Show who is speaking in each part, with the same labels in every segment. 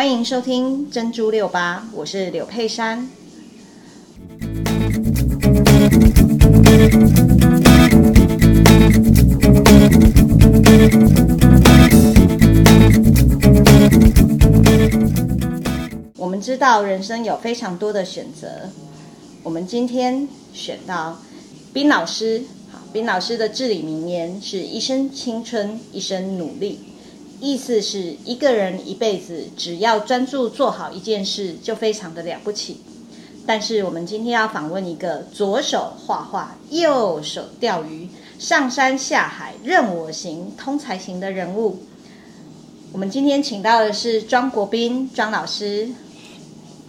Speaker 1: 歡迎收聽《珍珠六八》，我是柳沛杉。 我們知道人生有非常多的選擇，我們今天選到賓老師。好，賓老師的至理名言是一生青春，一生努力。意思是一個人一輩子只要專注做好一件事，就非常的了不起。但是我們今天要訪問一個左手畫畫、右手釣魚、上山下海任我行、通才型的人物。我們今天請到的是莊國賓莊老師。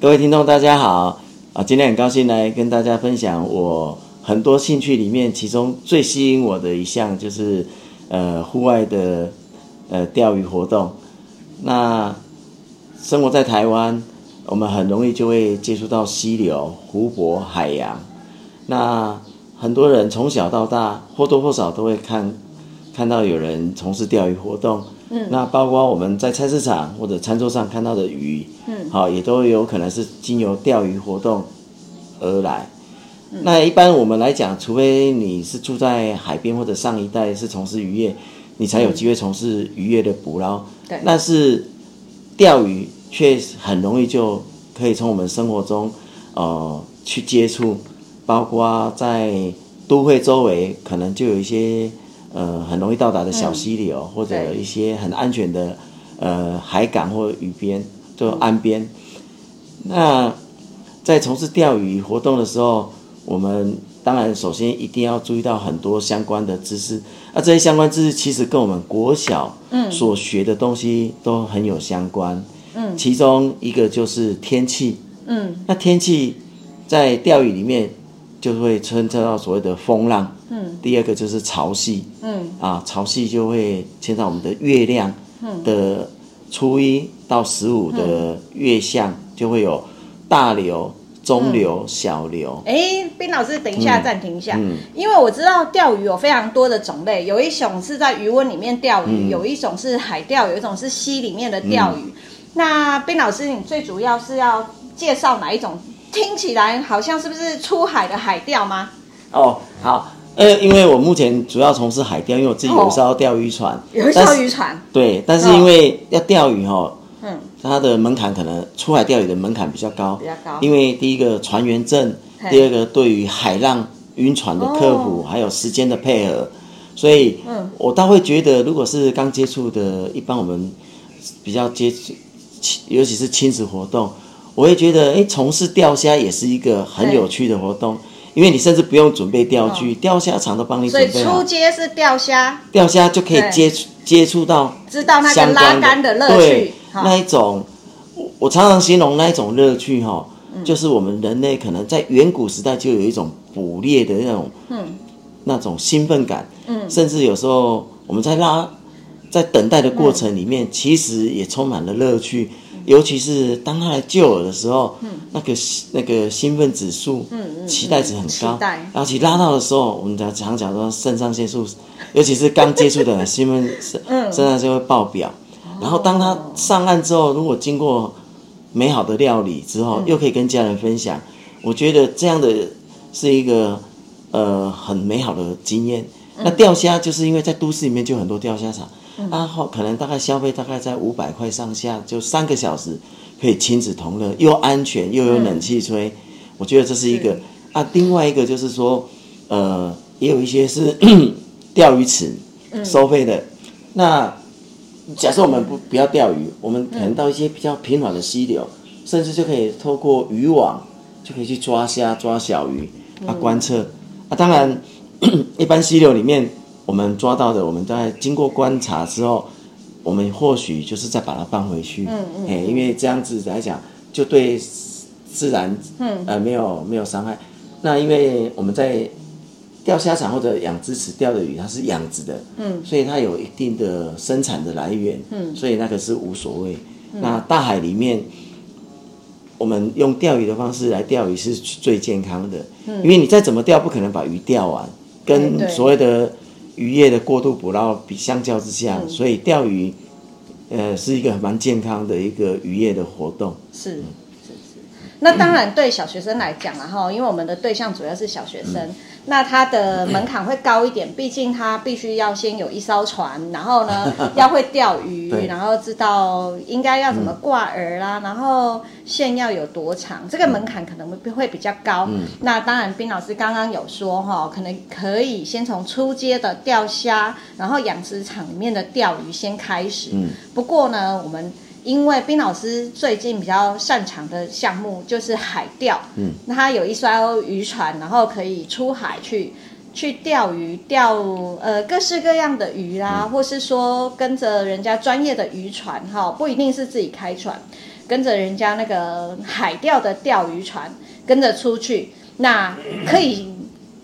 Speaker 2: 各位聽眾大家好啊，今天很高興來跟大家分享我很多興趣裡面，其中最吸引我的一項就是呃戶外的。呃，釣魚活動，那生活在台灣，我們很容易就會接觸到溪流、湖泊、海洋。那很多人從小到大，或多或少都會看看到有人從事釣魚活動。嗯，那包括我們在菜市場或者餐桌上看到的魚，嗯，好，也都有可能是經由釣魚活動而來。嗯，那一般我們來講，除非你是住在海邊或者上一代是從事漁業。你才有機會從事漁業的捕撈，嗯、但是釣魚卻很容易就可以從我們生活中，呃，去接觸，包括在都會周圍，可能就有一些呃很容易到達的小溪流，嗯、或者有一些很安全的呃海港或魚邊，就岸邊。嗯、那在從事釣魚活動的時候，我們。當然，首先一定要注意到很多相關的知識。那、啊、這些相關知識其實跟我們國小所學的東西都很有相關，嗯，其中一個就是天氣嗯，那天氣在釣魚裡面就會牽扯到所謂的風浪嗯，第二個就是潮汐嗯啊，潮汐就會牽扯到我們的月亮的初一到十五的月相、嗯、就會有大流。中流、嗯、小流。
Speaker 1: 哎，賓老師，等一下暫停一下，嗯嗯、因為我知道釣魚有非常多的種類，有一種是在魚塭裡面釣魚，嗯、有一種是海釣，有一種是溪裡面的釣魚。嗯、那賓老師，你最主要是要介紹哪一種？聽起來好像是不是出海的海釣嗎？
Speaker 2: 哦，好。呃，因為我目前主要從事海釣，因為我自己有一艘釣魚船，哦、有一艘漁船。對，但是因為、哦、要釣魚哦。嗯，它的門檻可能出海釣魚的門檻比較高，比較高，因為第一個船員證，嘿第二個對於海浪、暈船的克服，哦、還有時間的配合，所以，嗯，我倒會覺得，如果是剛接觸的，一般我們比較接，觸，尤其是親子活動，我會覺得，哎、欸，從事釣蝦也是一個很有趣的活動，嘿因為你甚至不用準備釣具，釣蝦場都幫你準備好，所以初
Speaker 1: 階是釣蝦，
Speaker 2: 釣蝦就可以接觸嘿接觸到，
Speaker 1: 知道那個拉竿的樂趣。那一
Speaker 2: 種，我常常形容那一種樂趣哈，就是我們人類可能在遠古時代就有一種捕獵的那種，那種興奮感，嗯，甚至有時候我們在拉，在等待的過程裡面，其實也充滿了樂趣，尤其是當他來就餌的時候，那個那個興奮指數，嗯，期待值很高，然後其實拉到的時候，我們講常常講說腎上腺素，尤其是剛接觸的興奮，嗯，腎上腺素會爆表。然後當他上岸之後，如果經過美好的料理之後，嗯、又可以跟家人分享，我覺得這樣的是一個呃很美好的經驗。嗯、那釣蝦就是因為在都市裡面就很多釣蝦場，然後、嗯啊、可能大概消費大概在五百塊上下，就三個小時可以親子同樂，又安全又有冷氣吹，嗯、我覺得這是一個。嗯、啊，另外一個就是說，呃，也有一些是 釣魚池收費的，嗯、那。假設我們不不要釣魚，嗯、我們可能到一些比較平緩的溪流，嗯、甚至就可以透過漁網就可以去抓蝦、抓小魚、嗯、啊，觀測啊。當然，一般溪流裡面我們抓到的，我們在經過觀察之後，我們或許就是再把它放回去。嗯，嗯因為這樣子來講，就對自然呃沒有沒有傷害。那因為我們在。釣蝦場或者養殖池釣的魚，它是養殖的，嗯，所以它有一定的生產的來源，嗯，所以那個是無所謂。嗯、那大海裡面，我們用釣魚的方式來釣魚是最健康的，嗯，因為你再怎麼釣，不可能把魚釣完，啊，跟所謂的漁業的過度捕撈比相較之下，嗯，所以釣魚，呃，是一個蠻健康的一個漁業的活動，
Speaker 1: 是。嗯那當然，對小學生來講，然後、嗯、因為我們的對象主要是小學生，嗯、那他的門檻會高一點，嗯、畢竟他必須要先有一艘船，然後呢 要會釣魚，對然後知道應該要怎麼掛餌啦，嗯、然後線要有多長，嗯、這個門檻可能會比較高。嗯、那當然，賓老師剛剛有說哈、哦，可能可以先從初階的釣蝦，然後養殖場裡面的釣魚先開始。嗯、不過呢，我們。因為賓老師最近比較擅長的項目就是海釣，嗯，那他有一艘漁船，然後可以出海去去釣魚，釣呃各式各樣的魚啦、啊，嗯、或是說跟着人家專業的漁船哈，不一定是自己開船，跟着人家那個海釣的釣魚船跟着出去，那可以，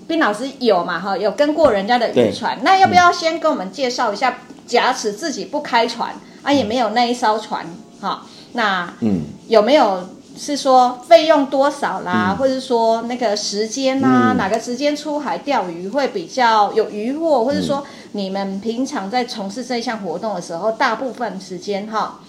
Speaker 1: 賓、嗯、老師有嘛哈，有跟過人家的漁船，對那要不要先跟我們介紹一下，假使、嗯、自己不開船？啊，也沒有那一艘船、嗯、哈。那嗯，有沒有是說費用多少啦，嗯、或者說那個時間啦、啊，嗯、哪個時間出海釣魚會比較有漁獲，嗯、或者說你們平常在從事這項活動的時候，大部分時間哈，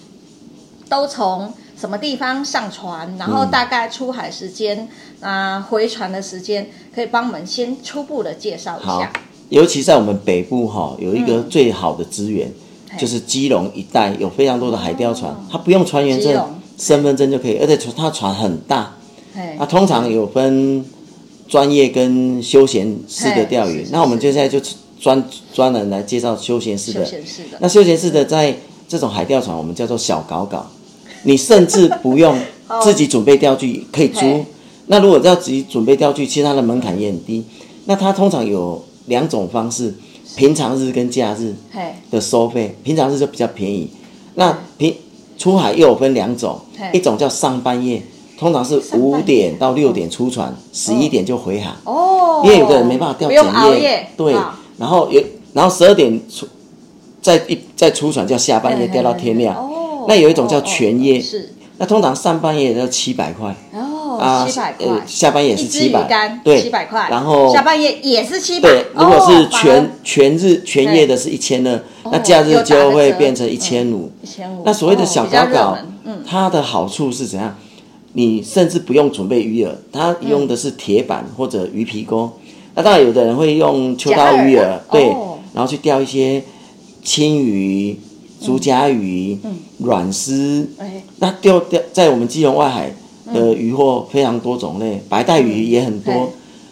Speaker 1: 都從什麼地方上船，然後大概出海時間、嗯、啊，回船的時間，可以幫我們先初步的介紹一下。好，
Speaker 2: 尤其在我們北部哈，有一個最好的資源。嗯就是基隆一帶有非常多的海釣船，嗯、它不用船員證、隆身份證就可以，而且它船很大。它嘿、啊、通常有分專業跟休閒式的釣魚。是是是，那我們就現在就專專人來介紹休閒式的。休閒式的，那休閒式的在這種海釣船，我們叫做小搞搞。你甚至不用自己準備釣具，可以租。嘿那如果要自己準備釣具，其實它的門檻也很低。那它通常有兩種方式。平常日跟假日的收費，平常日就比較便宜。那平出海又有分兩種，一種叫上半夜，通常是五點到六點出船，十一點就回航，哦。因為有的人沒辦法釣整夜，夜對。然後有，然後十二點出，再一再出船叫下半夜釣到天亮。
Speaker 1: 嗯、哦，那有一種
Speaker 2: 叫全夜，哦哦、是。那通常上半夜要七百塊。哦
Speaker 1: 啊，呃，
Speaker 2: 下半夜是七百，對，七
Speaker 1: 百塊。然後下半夜也是七百。對，如果是全
Speaker 2: 全日全夜的是一千呢，那假日就會變成一千五。一
Speaker 1: 千五。那所謂的小搞搞，
Speaker 2: 它的好處是怎樣？你甚至不用準備魚餌，它用的是鐵板或者魚皮鈎。那當然，有的人會用秋刀魚餌，對，然後去釣一些青魚、竹莢魚、軟絲。那釣釣在我們基隆外海。嗯、呃，漁獲非常多種類，白帶魚也很多。嗯、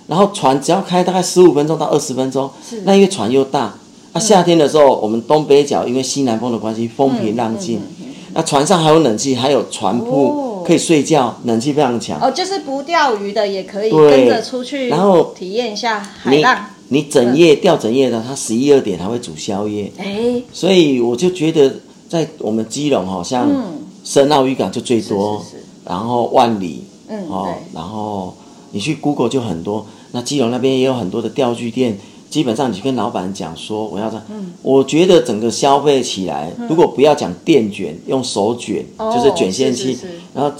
Speaker 2: 然後船只要開大概十五分鐘到二十分鐘，是那因為船又大，嗯啊、夏天的時候我們東北角因為西南風的關係，風平浪靜。嗯嗯嗯嗯、那船上還有冷氣，還有船鋪、哦、可以睡覺，冷氣非常強。哦，
Speaker 1: 就是不釣魚的也可以跟着出去，然後體驗一下海
Speaker 2: 浪。你,你整夜釣是整夜的，他十一二點還會煮宵夜。
Speaker 1: 哎、欸，
Speaker 2: 所以我就覺得在我們基隆，好像深澳漁港就最多。嗯是是是然後萬里，
Speaker 1: 嗯，哦，
Speaker 2: 然後你去 Google 就很多。那基隆那邊也有很多的釣具店，基本上你跟老闆講說，我要這，嗯，我覺得整個消費起來，嗯、如果不要講電捲，用手捲，哦、就是捲線器，是是是然後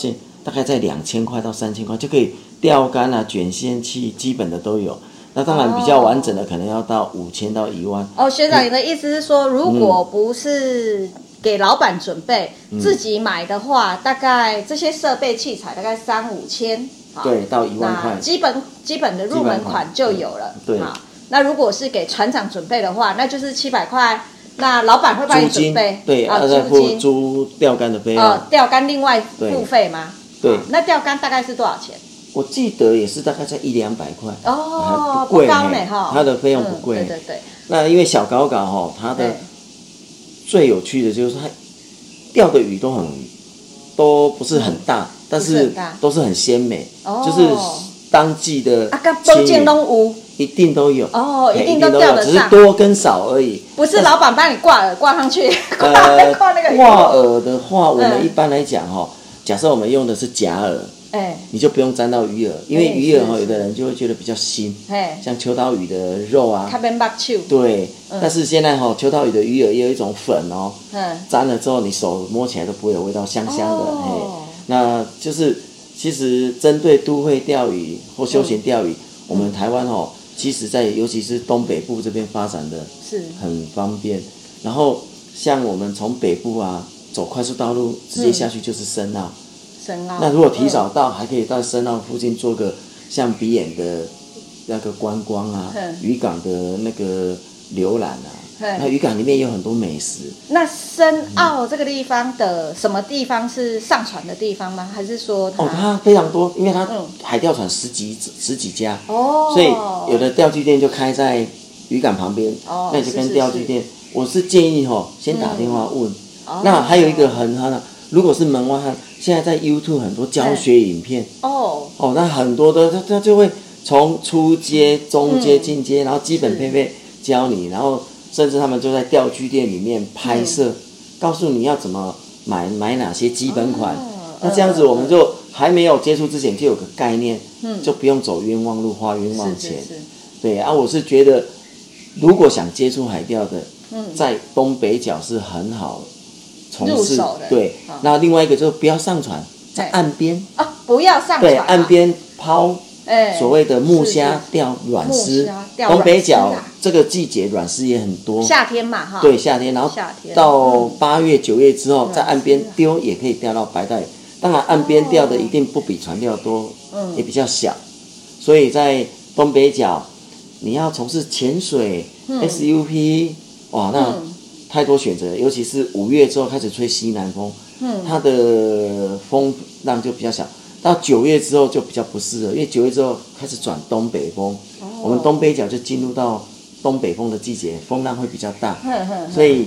Speaker 2: 大概在兩千塊到三千塊就可以，釣竿啊、對捲線器基本的都有。那當然比較完整的可能要到五千到一萬
Speaker 1: 哦。哦，學長，你的意思是說，我如果不是？嗯給老闆準備，自己買的話，大概這些設備器材大概三五千，對，
Speaker 2: 到一萬塊，基
Speaker 1: 本基本的入門款就有了。對，那如果是給船長準備的話，那就是七百塊。那老闆會幫你準備，對，啊，租金租
Speaker 2: 釣竿的費用，
Speaker 1: 啊，釣竿另外付費嗎？對，那釣竿大概是多少錢？
Speaker 2: 我記得也是大概在一兩百塊。
Speaker 1: 哦，不貴，它的費用不貴。對對對，
Speaker 2: 那因為小高高哈，它的。最有趣的就是它，釣的魚都很都不是很大，但是都是很鮮美，是就是當季的一定都有
Speaker 1: 哦，一定都釣得上，只是多
Speaker 2: 跟少而已。不
Speaker 1: 是老板幫你掛餌，掛上去，呃，掛
Speaker 2: 餌的話，我們一般來講哈，嗯、假設我們用的是假餌。欸、你就不用沾到魚餌，因為魚餌有的人就會覺得比較腥。對像秋刀魚的肉啊。
Speaker 1: 卡對，
Speaker 2: 但是現在哈、哦，秋刀魚的魚餌也有一種粉哦。嗯、沾了之後，你手摸起來都不會有味道，香香的。哦、那就是對其實針對都會釣魚或休閒釣魚，嗯、我們台灣哦，其實在尤其是東北部這邊發展的是很方便。是然後像我們從北部啊，走快速道路直接下去就是深吶。嗯
Speaker 1: 那如果提早
Speaker 2: 到，嗯、還可以到深澳附近做個象鼻岩的那個觀光啊，漁、嗯、港的那個瀏覽啊。嗯、那漁港裡面有很多美食。
Speaker 1: 那深澳這個地方的什麼地方是上船的地方嗎？還是說？哦，它
Speaker 2: 非常多，因為它海釣船十幾十幾家，哦、
Speaker 1: 所以有的
Speaker 2: 釣具店就開在漁港旁邊。哦，那你就跟釣具店，是是是，我是建議吼，先打電話問。
Speaker 1: 嗯哦、那還有一個
Speaker 2: 很好的，如果是門外漢。現在在 YouTube 很多教學影片，欸、哦哦，那很多的他他就，就，就會從初階、中階、進階，嗯，然後基本配備教你，是然後甚至他們就在釣具店裡面拍攝，嗯、告訴你要怎麼買買哪些基本款。哦呃、那這樣子我們就還沒有接觸之前就有個概念，嗯、就不用走冤枉路花冤枉錢。對啊，我是覺得如果想接觸海釣的，在東北角是很好。從事，對，那另外一個就是不要上船，在岸邊
Speaker 1: 啊，不要上對，
Speaker 2: 岸邊拋，所謂的木蝦釣軟絲，東北角這個季節軟絲也很多，夏
Speaker 1: 天嘛哈，對，夏天，然後到
Speaker 2: 八月九月之後，在岸邊丟也可以釣到白帶，當然岸邊釣的一定不比船釣多，也比較小，所以在東北角，你要從事潛水，SUP，哇那。太多選擇，尤其是五月之後開始吹西南風，嗯，它的風浪就比較小。到九月之後就比較不適合，因為九月之後開始轉東北風，哦、我們東北角就進入到東北風的季節，風浪會比較大。嗯、所以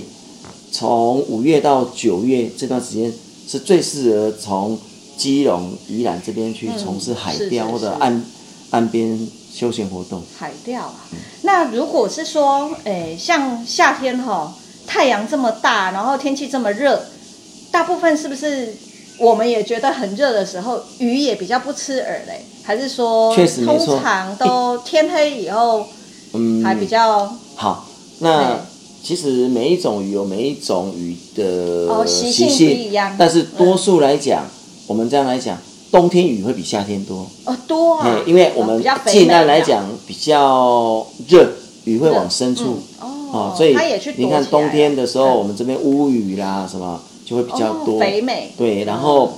Speaker 2: 從五月到九月這段時間是最適合從基隆、宜蘭這邊去從事海釣、嗯、或者岸岸邊休閒活動。
Speaker 1: 海釣啊，嗯、那如果是說，欸、像夏天哈。太陽這麼大，然後天氣這麼熱，大部分是不是我們也覺得很熱的時候，魚也比較不吃餌嘞？還是說，確實沒錯，通常都天黑以後，嗯，
Speaker 2: 還比較好。那其實每一種魚有每一種魚的習性不一樣，
Speaker 1: 但是多
Speaker 2: 數來講，我們這樣來講，冬天魚會比夏天多
Speaker 1: 哦多啊，對，因為我們現在來講
Speaker 2: 比較熱，魚會往深處。哦，所以你看冬天的時候，我們這邊烏魚啦什麼就會比較多，肥、哦、
Speaker 1: 美。對，然後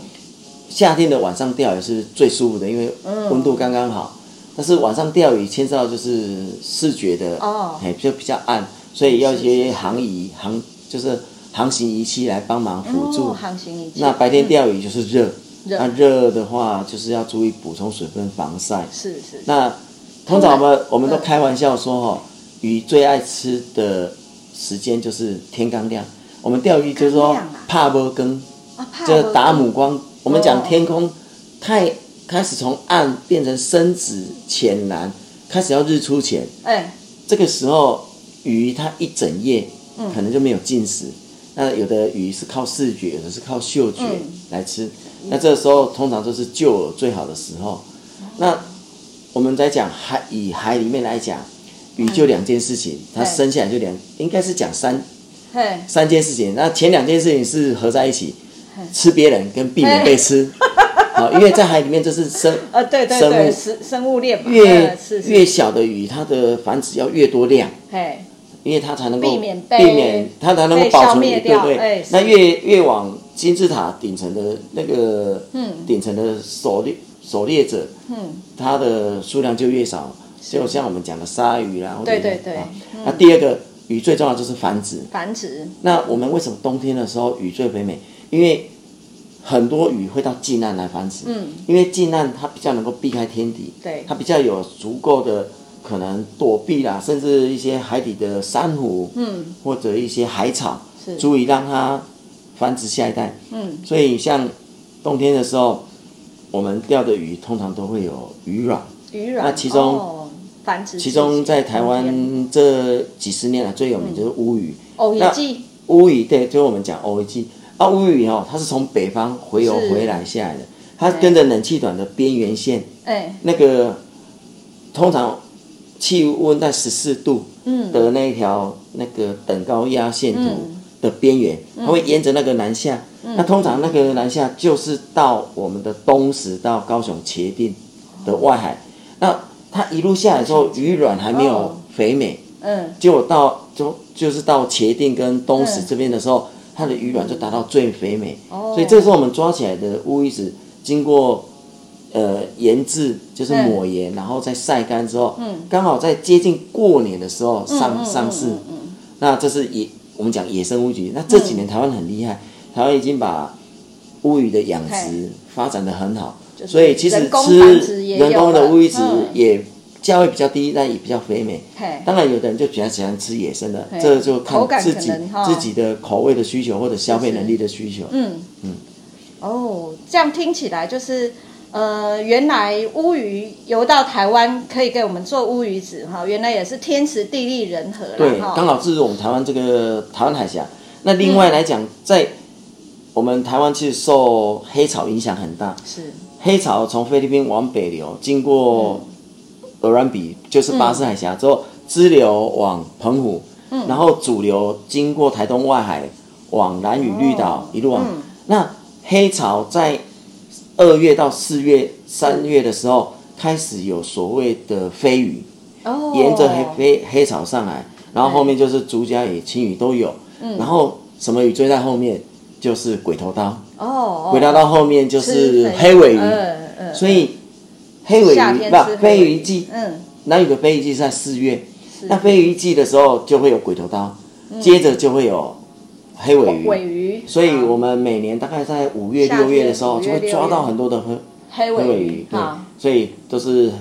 Speaker 2: 夏天的晚上釣魚是最舒服的，因為溫度剛剛好。嗯、但是晚上釣魚牽涉到就是視覺的哦，哎就比較暗，所以要一些航儀航是就是航行儀器來幫忙輔助、嗯、
Speaker 1: 航行儀器。那白天
Speaker 2: 釣魚就是熱，嗯、那熱的話就是要注意補充水分、防曬。是，是是。那通常我們來我們都開玩笑說、嗯、哦。魚最愛吃的時間就是天剛亮，我們釣魚就是說怕波根，就是打母光。我們講天空太開始從暗變成深紫淺藍，開始要日出前。這個時候魚它一整夜可能就沒有進食。那有的魚是靠視覺，有的是靠嗅覺來吃。那這個時候通常都是釣最好的時候。那我們在講海，以海裡面來講。魚就兩件事情，它生下來就兩，應該是講三，三件事情。那前兩件事情是合在一起，吃別人跟避免被吃。哈，因為在海裡面這是生，呃對對對，生
Speaker 1: 生物鏈。越越
Speaker 2: 小的魚，它的繁殖要越多量，哎，因為它才能夠避免，避免它才能夠保存魚，對不對？那越越往金字塔頂層的那個，嗯，頂層的狩獵狩獵者，嗯，它的數量就越少。就像我們講的鯊魚啦，或者
Speaker 1: 對對對、嗯啊。那第
Speaker 2: 二個魚最重要的就是繁殖，
Speaker 1: 繁殖。
Speaker 2: 那我們為什麼冬天的時候魚最肥美？因為很多魚會到近岸來繁殖。嗯。因為近岸它比較能夠避開天敵，對。它比較有足夠的可能躲避啦，甚至一些海底的珊瑚，嗯，或者一些海草，是足以讓它繁殖下一代。嗯。所以像冬天的時候，我們釣的魚通常都會有魚卵，魚
Speaker 1: 卵。那其中。哦其中，在台灣
Speaker 2: 這幾十年來最有名就是烏魚。哦、嗯，烏魚，烏魚對，就是我們講烏魚，啊烏魚哦，它是從北方回游回來下來的。是它跟着冷氣团的邊緣線。欸、那個通常氣溫在十四度的那條那個等高壓線圖的邊緣，嗯、它會沿着那個南下。嗯、那通常那個南下就是到我們的東石到高雄茄萣的外海。哦、那它一路下來的時候，魚卵還沒有肥美，哦、嗯，結果到就就是到茄萣跟東石這邊的時候，嗯、它的魚卵就達到最肥美，哦、嗯，所以這時候我們抓起來的烏魚子，經過，呃，醃製就是抹鹽，嗯、然後再曬乾之後，嗯，剛好在接近過年的時候上上市，嗯，嗯，嗯嗯嗯那這是野，我們講野生烏魚，那這幾年台灣很厲害，嗯、台灣已經把烏魚的養殖發展得很好。嗯 okay 所以其實吃人工的烏魚子也價位比較低，但也比較肥美。當然，有的人就比較喜歡吃野生的，這就看自己自己的口味的需求或者消費能力的需求。嗯嗯。
Speaker 1: 哦，這樣聽起來就是呃，原來烏魚游到台灣可以給我們做烏魚子哈，原來也是天時地利人和。對，剛好
Speaker 2: 就是我們台灣這個台灣海峽。那另外來講，在我們台灣其實受黑潮影響很大，是。黑潮從菲律賓往北流，經過鵝鑾鼻，就是巴士海峽之後，嗯、支流往澎湖，嗯、然後主流經過台東外海，往蘭嶼綠島、哦、一路往。嗯、那黑潮在二月到四月、三、嗯、月的時候，開始有所謂的飛魚，
Speaker 1: 哦、沿着黑飛
Speaker 2: 黑，黑潮上來，然後後面就是竹莢魚、青魚都有，嗯、然後什麼魚追在後面。就是鬼頭刀
Speaker 1: 哦，鬼頭刀後面就是黑鮪魚，所以
Speaker 2: 黑鮪魚不，飛魚季，嗯，那有個飛魚季在四月，
Speaker 1: 那飛魚
Speaker 2: 季的時候就會有鬼頭刀，
Speaker 1: 接着
Speaker 2: 就會有黑鮪魚，鮪魚，所以我們每年大概在五月六月的時候就會抓到很多的
Speaker 1: 黑鮪
Speaker 2: 魚啊，所以都是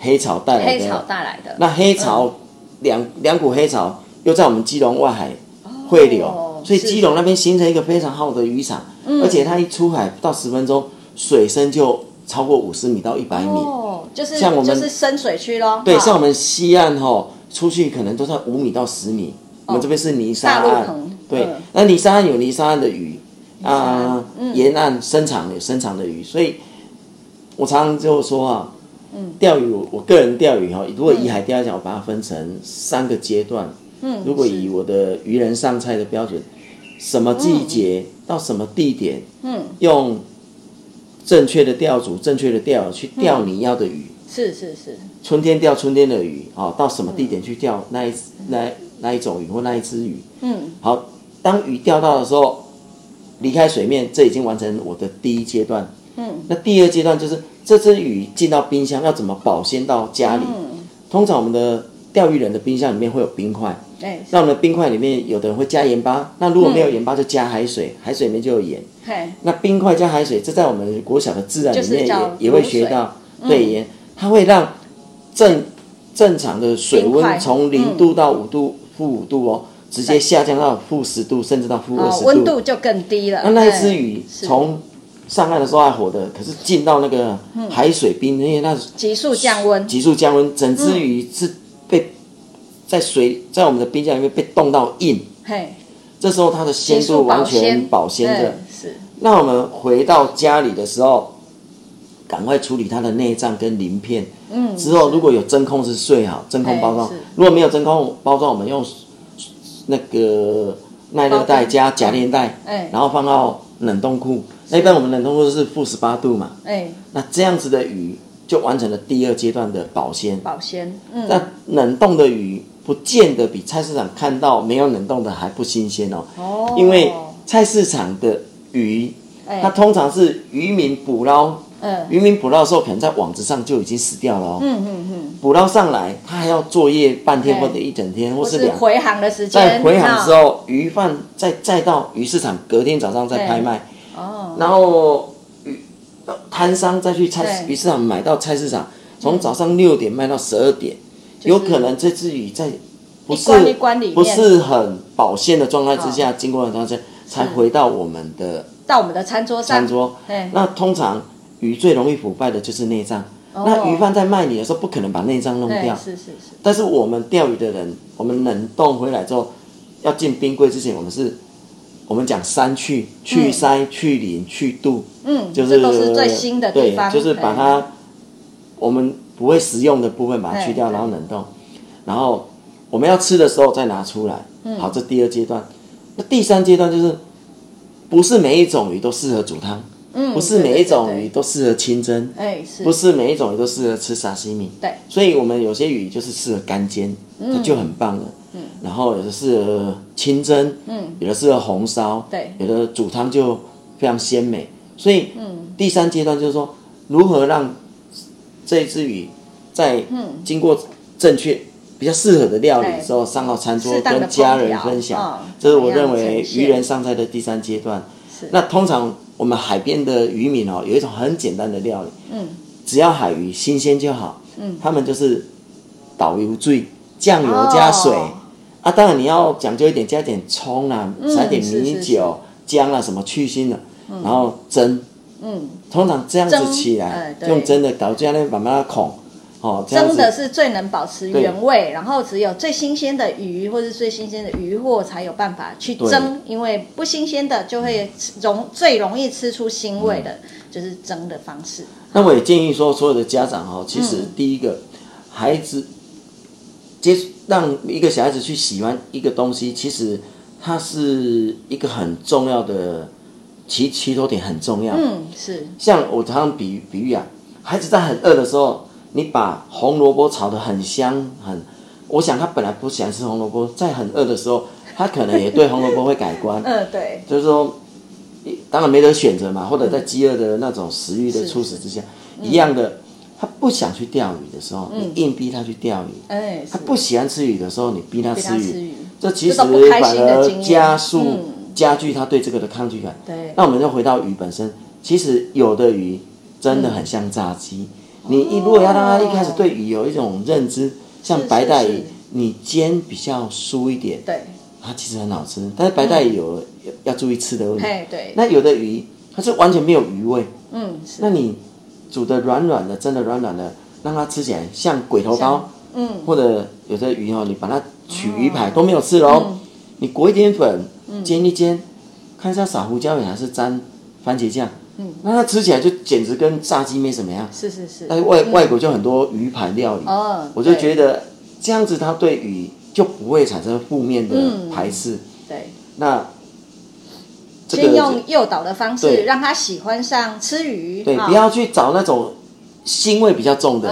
Speaker 2: 黑潮帶來的，黑潮
Speaker 1: 帶來的。那
Speaker 2: 黑潮兩兩股黑潮又在我們基隆外海匯流。所以基隆那邊形成一個非常好的漁場，而且它一出海不到十分鐘，水深就超過五十米到一百米，就
Speaker 1: 是像我們就是深水區咯。對，像我們
Speaker 2: 西岸哈，出去可能都在五米到十米。我們這邊是泥沙岸。
Speaker 1: 對，
Speaker 2: 那泥沙岸有泥沙岸的魚啊，沿岸深長有深長的魚。所以我常常就說啊，釣魚我我個人釣魚哈，如果以海釣一下，我把它分成三個階段。嗯，如果以我的漁人上菜的標準。什麼季節、嗯、到什麼地點？嗯，用正確的釣組、正確的釣去釣你要的魚。是是、
Speaker 1: 嗯、是，是是
Speaker 2: 春天釣春天的魚、哦、到什麼地點去釣那一、嗯、那那一種魚或那一隻魚？嗯，好。當魚釣到的時候，離開水面，這已經完成我的第一階段。嗯，那第二階段就是這隻魚進到冰箱，要怎麼保鮮到家裡？嗯、通常我們的。釣魚人的冰箱裡面會有冰塊，哎，那我們冰塊裡面有的人會加鹽巴，那如果沒有鹽巴就加海水，海水裡面就有鹽，那冰塊加海水，這在我們國小的自然裡面也也會學到，對，鹽它會讓正正常的水溫從零度到五度、負五度哦，直接下降到負十度，甚至到負二十度，溫度
Speaker 1: 就更低了。那那一隻
Speaker 2: 魚從上岸的時候還活的，可是進到那個海水冰，因為那
Speaker 1: 急速降溫，
Speaker 2: 急速降溫，整隻魚是。在水在我們的冰箱裡面被凍到硬，這時候它的鮮度完全保鮮的，那我們回到家裡的時候，趕快處理它的內臟跟鱗片，之後如果有真空是最好真空包裝，如果沒有真空包裝，我們用那個耐熱袋加夾鏈袋，然後放到冷凍庫。那一般我們冷凍庫是負十八度嘛，那這樣子的魚就完成了第二階段的保鮮，
Speaker 1: 保鮮，那
Speaker 2: 冷凍的魚。不見得比菜市場看到沒有冷凍的還不新鮮哦。因為菜市場的魚，它通常是漁民捕撈，嗯，漁民捕撈的時候可能在網子上就已經死掉了哦。嗯嗯嗯。捕撈上來，他還要作業半天或者一整天，或是兩回
Speaker 1: 航的時間。再回航之後，
Speaker 2: 魚販再再到魚市場，隔天早上再拍賣。哦。然後魚攤商再去菜魚市場買到菜市場，從早上六點賣到十二點。有可能這隻魚在不是不是很保鮮的狀態之下，經過一段時間才回到我們的
Speaker 1: 到我們的餐桌上餐桌。那
Speaker 2: 通常魚最容易腐敗的就是內臟，
Speaker 1: 那魚販
Speaker 2: 在賣你的時候不可能把內臟弄掉。是是是。但是我們釣魚的人，我們冷凍回來之後要進冰櫃之前，我們是我們講三去：去鰓、去鱗、去肚。嗯，
Speaker 1: 就是都是最新的地方。對，就是把它
Speaker 2: 我們，不會食用的部分把它去掉，然後冷凍，然後我們要吃的時候再拿出來。好，這第二階段。那第三階段就是，不是每一種魚都適合煮湯，
Speaker 1: 不是每一
Speaker 2: 種魚都適合清蒸，不是每一種魚都適合吃沙西米。對，所以我們有些魚就是適合乾煎，它就很棒了。嗯，然後有的適合清蒸，有的適合紅燒，有的煮湯就非常鮮美。所以第三階段就是說，如何讓這一隻魚，在經過正確、比較適合的料理之後，上到餐桌跟家人分享，這是我認為魚人上菜的第三階段。那通常我們海邊的漁民哦，有一種很簡單的料理，嗯，只要海魚新鮮就好，嗯，他們就是，倒油醉，醬油加水，啊，當然你要講究一點，加一點蔥啊，灑點米酒、薑啊什麼去腥的，然後蒸。嗯，通常這樣子起來蒸、呃、用蒸的搞這樣呢，慢慢的孔。哦，蒸的
Speaker 1: 是最能保持原味，對然後只有最新鮮的魚或者是最新鮮的漁獲才有辦法去蒸，對因為不新鮮的就會容最容易吃出腥味的，嗯、就是蒸的方式。
Speaker 2: 那我也建議說，所有的家長哦，其實第一個，嗯、孩子接讓一個小孩子去喜歡一個東西，其實它是一個很重要的。其其多點很重要。嗯，
Speaker 1: 是。
Speaker 2: 像我常常比喻比喻啊，孩子在很餓的時候，你把紅蘿蔔炒得很香很，我想他本來不喜歡吃紅蘿蔔，在很餓的時候，他可能也對紅蘿蔔會改觀。 嗯、
Speaker 1: 對。就
Speaker 2: 是說，當然沒得選擇嘛，或者在飢餓的那種食慾的促使之下，嗯、一樣的，他不想去釣魚的時候，嗯、你硬逼他去釣魚。欸、他不喜歡吃魚的時候，你逼他吃魚，
Speaker 1: 吃魚這其實這反而加速。嗯
Speaker 2: 加劇它對這個的抗拒感。對，那我們就回到魚本身。其實有的魚真的很像炸雞，你一如果要讓它一開始對魚有一種認知，像白帶魚，你煎比較酥一點，對，它其實很好吃。但是白帶魚有要注意吃的哦。哎，對。那有的魚它是完全沒有魚味，
Speaker 1: 嗯，
Speaker 2: 那你煮的軟軟的，真的軟軟的，讓它吃起來像鬼頭刀，嗯，或者有的魚哦，你把它取魚排都沒有吃哦，你裹一點粉。煎一煎，看一下撒胡椒粉還是沾番茄醬，嗯，那它吃起來就簡直跟炸雞沒什麼樣。是
Speaker 1: 是是。但是外外國就
Speaker 2: 很多魚排料理，哦，
Speaker 1: 我就覺得
Speaker 2: 這樣子，它對魚就不會產生負面的排斥。對。那
Speaker 1: 先用誘導的方式，讓他喜歡上吃魚。對，不要
Speaker 2: 去找那種腥味比較重的，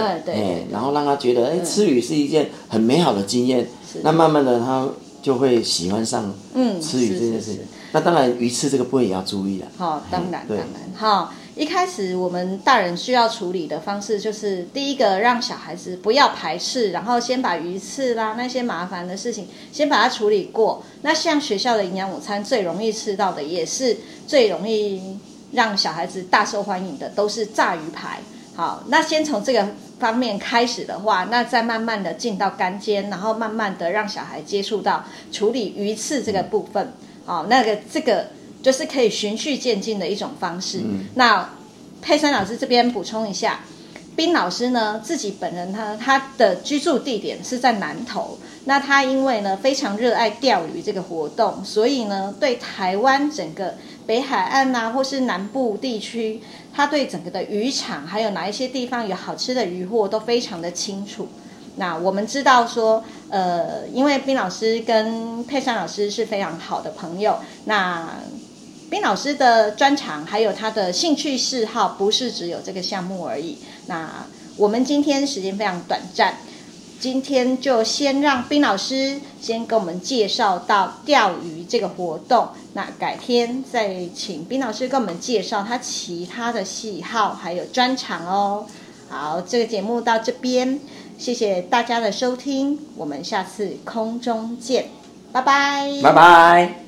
Speaker 2: 然後讓他覺得，哎，吃魚是一件很美好的經驗。那慢慢的他。就會喜歡上嗯吃魚這件事。嗯，是是是，那當然魚刺這個部分也要注意了。
Speaker 1: 好，當然，當然。嗯、好，一開始我們大人需要處理的方式就是第一個讓小孩子不要排斥，然後先把魚刺啦那些麻煩的事情先把它處理過。那像學校的營養午餐最容易吃到的，也是最容易讓小孩子大受歡迎的，都是炸魚排。好，那先從這個。方面開始的話，那再慢慢的進到乾煎，然後慢慢的讓小孩接觸到處理魚刺這個部分，嗯、哦，那個這個就是可以循序漸進的一種方式。嗯、那沛杉老師這邊補充一下。賓老師呢，自己本人他他的居住地點是在南投。那他因為呢非常熱愛釣魚這個活動，所以呢對台灣整個北海岸吶、啊，或是南部地區，他對整個的漁場還有哪一些地方有好吃的漁獲都非常的清楚。那我們知道說，呃，因為賓老師跟沛杉老師是非常好的朋友，那。賓老師的專長還有他的興趣嗜好，不是只有這個項目而已。那我們今天時間非常短暫，今天就先讓賓老師先給我們介紹到釣魚這個活動。那改天再請賓老師給我們介紹他其他的喜好還有專長哦。好，這個節目到這邊，謝謝大家的收聽，我們下次空中見，拜拜，拜拜。